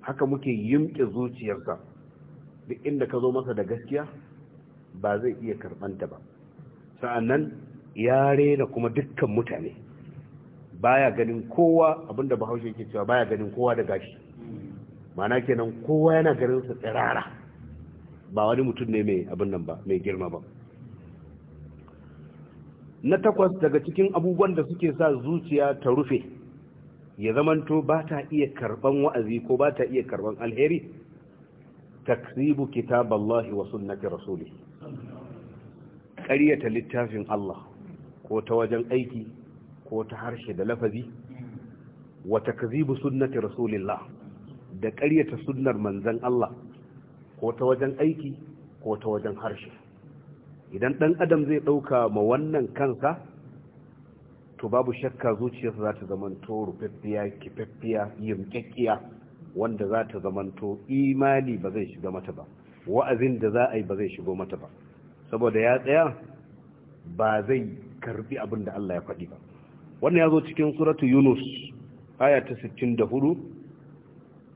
haka muke yimke zuciyarsa duk inda ka zo masa da gaskiya ba zai iya ta ba nan, ya rena kuma dukkan mutane baya ganin kowa abinda bahaushe ke cewa baya ganin kowa da gashi mana kenan kowa yana ganin tsirara ba wani mutum ne mai abin nan ba mai girma ba na takwas daga cikin abubuwan da suke sa zuciya ta rufe ya zamanto ba ta iya karban wa'azi ko ba ta iya karban alheri taksibu kitab Allah wa sunnati rasulih ƙaryata littafin Allah ko ta wajen aiki ko ta harshe da lafazi wa takzibu sunnati rasulillah da ƙaryata sunnar manzan Allah ko ta wajen aiki ko ta wajen harshe idan ɗan adam zai ɗauka ma wannan kansa to babu shakka zuciyarsa za ta zamanto rufaffiya kifaffiya yankakkiya wanda za ta zamanto imani ba zai shiga mata ba wa'azin da za a yi ba zai shigo mata ba saboda ya tsaya ba zai karbi abin da Allah ya faɗi ba wannan ya zo cikin suratu yunus aya ta 64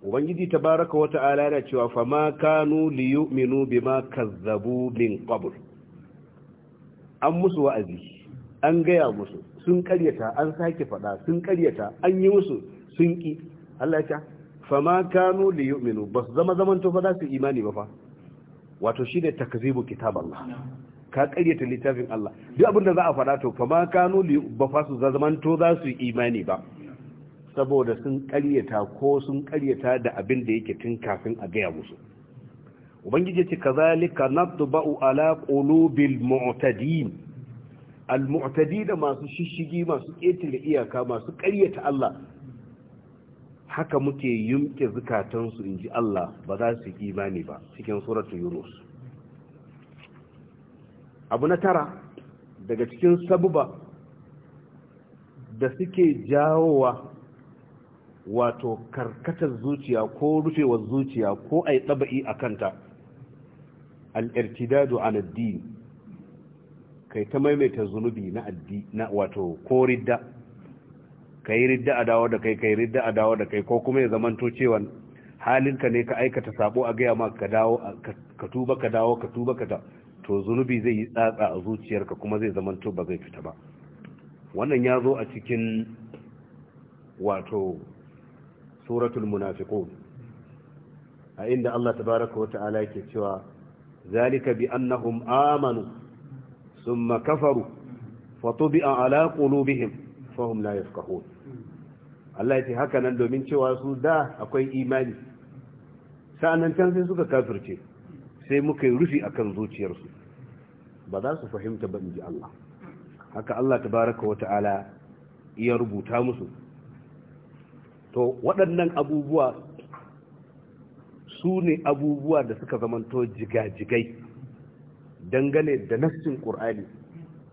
ubangiji ta wata wata yana cewa fa ma kanu li yu'minu bima kazzabu min qabl an musu wa'azi an gaya musu sun karyata an sake faɗa sun karyata an yi musu sun ki Allah ya ce fama kanu li yu'minu bas zama zaman to fa za su imani ba fa wato shine takzibu kitab Allah ka karyata littafin Allah duk abin da za a faɗa to fama kanu li ba fa su zaman to za su imani ba saboda sun karyata ko sun karyata da abin da yake tun kafin a gaya musu ubangiji ce kazalika natba'u ala qulubil mu'tadin al-mu'tadi da masu shishigi masu da iyaka masu ƙaryata Allah haka muke yumke zukatansu in ji Allah ba za su imani ba cikin suratul yunus abu na tara daga cikin sabuba da suke jawowa wato karkatar zuciya ko rufewar zuciya ko ai tsaba'i a kanta al-irtidadu 'ala addini kai ta maimaita zunubi na addi na wato ko ridda kai ridda a dawo da kai kai ridda a dawo da kai ko kuma ya zamanto cewa halinka ne ka aikata sabo a gaya ma ka dawo ka tuba ka dawo ka tuba ka to zunubi zai yi tsatsa a zuciyarka kuma zai zamanto ba zai fita ba wannan ya zo a cikin wato suratul munafiqun a inda Allah tabaraka wa ta'ala yake cewa zalika bi annahum amanu ثم كفروا فطبع على قلوبهم فهم لا يفقهون Allah ya ce haka domin cewa su da akwai imani sa'annan can sai suka kafirce sai muka yi rufi akan zuciyarsu ba za su fahimta ba in ji Allah haka Allah tabaraka wa ta'ala ya rubuta musu to waɗannan abubuwa su ne abubuwa da suka zamanto jigajigai dangane da nassin ƙur'ani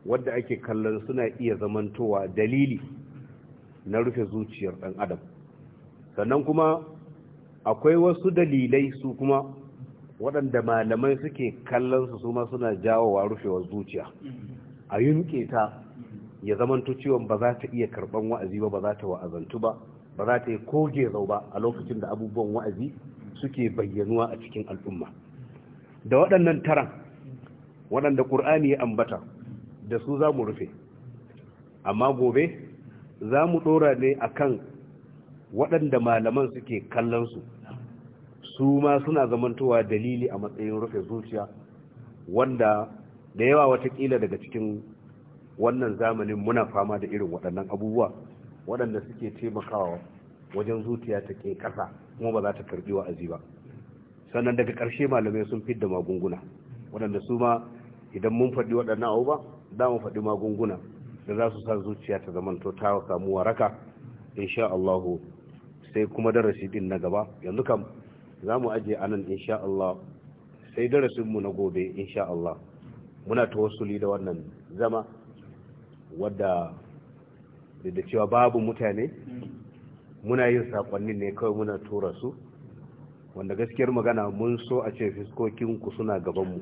wadda ake kallon suna iya zamantowa dalili na rufe zuciyar ɗan adam sannan kuma akwai wasu dalilai su kuma waɗanda malamai suke kallon su suma suna jawowa rufewar zuciya a yunke ta ya zamanto cewa ba za ta iya karɓan wa'azi ba ba za ta wa'azantu ba ba za ta yi koge zau ba a lokacin da abubuwan wa'azi suke bayyanuwa a cikin al'umma da waɗannan taran waɗanda ƙur'ani ya ambata da su za mu rufe amma gobe za mu ɗora ne a kan waɗanda malaman suke kallonsu su ma suna zamantowa dalili a matsayin rufe zuciya wanda da yawa watakila daga cikin wannan zamanin muna fama da irin waɗannan abubuwa waɗanda suke taimakawa wajen zuciya ta ke ƙasa kuma ba za ta karɓi wa'azi ba sannan daga ƙarshe malamai sun fidda magunguna waɗanda su ma idan mun faɗi waɗannan abu ba za mu faɗi magunguna da za su sa zuciya ta to ta samu waraka insha Allah sai kuma darasi din na gaba yanzu kam za mu ajiye anan insha Allah sai darasinmu na gobe insha Allah muna tawassuli da wannan zama wadda da cewa babu mutane muna yin saƙonni ne kawai muna tura su wanda gaskiyar magana mun so a ce fiskokinku suna gabanmu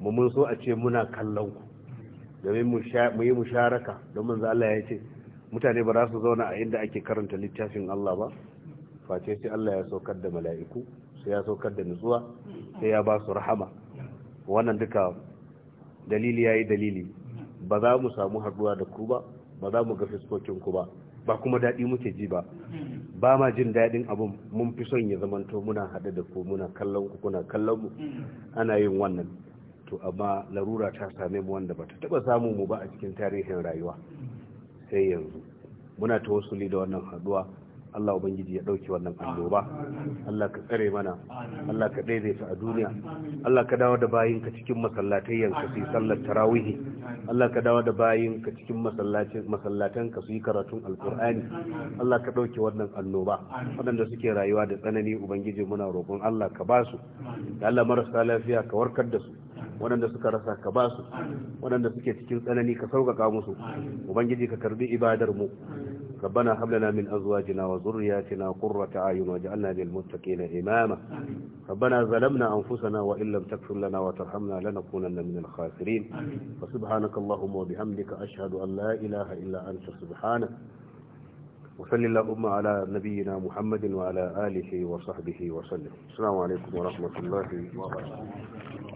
mu mun so a ce muna kallon ku domin mu yi musharaka don manzo Allah ya ce mutane ba za su zauna a inda ake karanta littafin Allah ba face sai Allah ya saukar da mala'iku sai ya saukar da nutsuwa sai ya ba su rahama wannan duka dalili yayi dalili ba za mu samu haduwa da ku ba ba za mu ga fiskokin ku ba ba kuma daɗi muke ji ba ba ma jin daɗin abun mun fi son ya zamanto muna haɗe da ku muna kallon ku kuna kallon mu ana yin wannan to amma larura ta same mu wanda bata taba samu mu ba a cikin tarihin rayuwa sai yanzu muna ta wasuli da wannan haduwa Allah ubangiji ya dauki wannan annoba Allah ka tsare mana Allah ka ta a duniya Allah ka dawo da ka cikin masallatai yanka su sallar tarawihi Allah ka dawo da ka cikin masallatan ka su yi karatun alkur'ani Allah ka dauki wannan annoba waɗanda suke rayuwa da tsanani ubangiji muna roƙon Allah ka ba su da Allah marasa lafiya ka warkar da su waɗanda suka rasa ka ba su waɗanda suke cikin tsanani ka sauƙaƙa musu ubangiji ka karbi ibadar mu ربنا هب لنا من ازواجنا وذرياتنا قرة اعين واجعلنا للمتقين اماما ربنا ظلمنا انفسنا وان لم تغفر لنا وترحمنا لنكونن من الخاسرين وسبحانك اللهم وبحمدك اشهد ان لا اله الا انت سبحانك وصل اللهم على نبينا محمد وعلى آله وصحبه وسلم السلام عليكم ورحمة الله وبركاته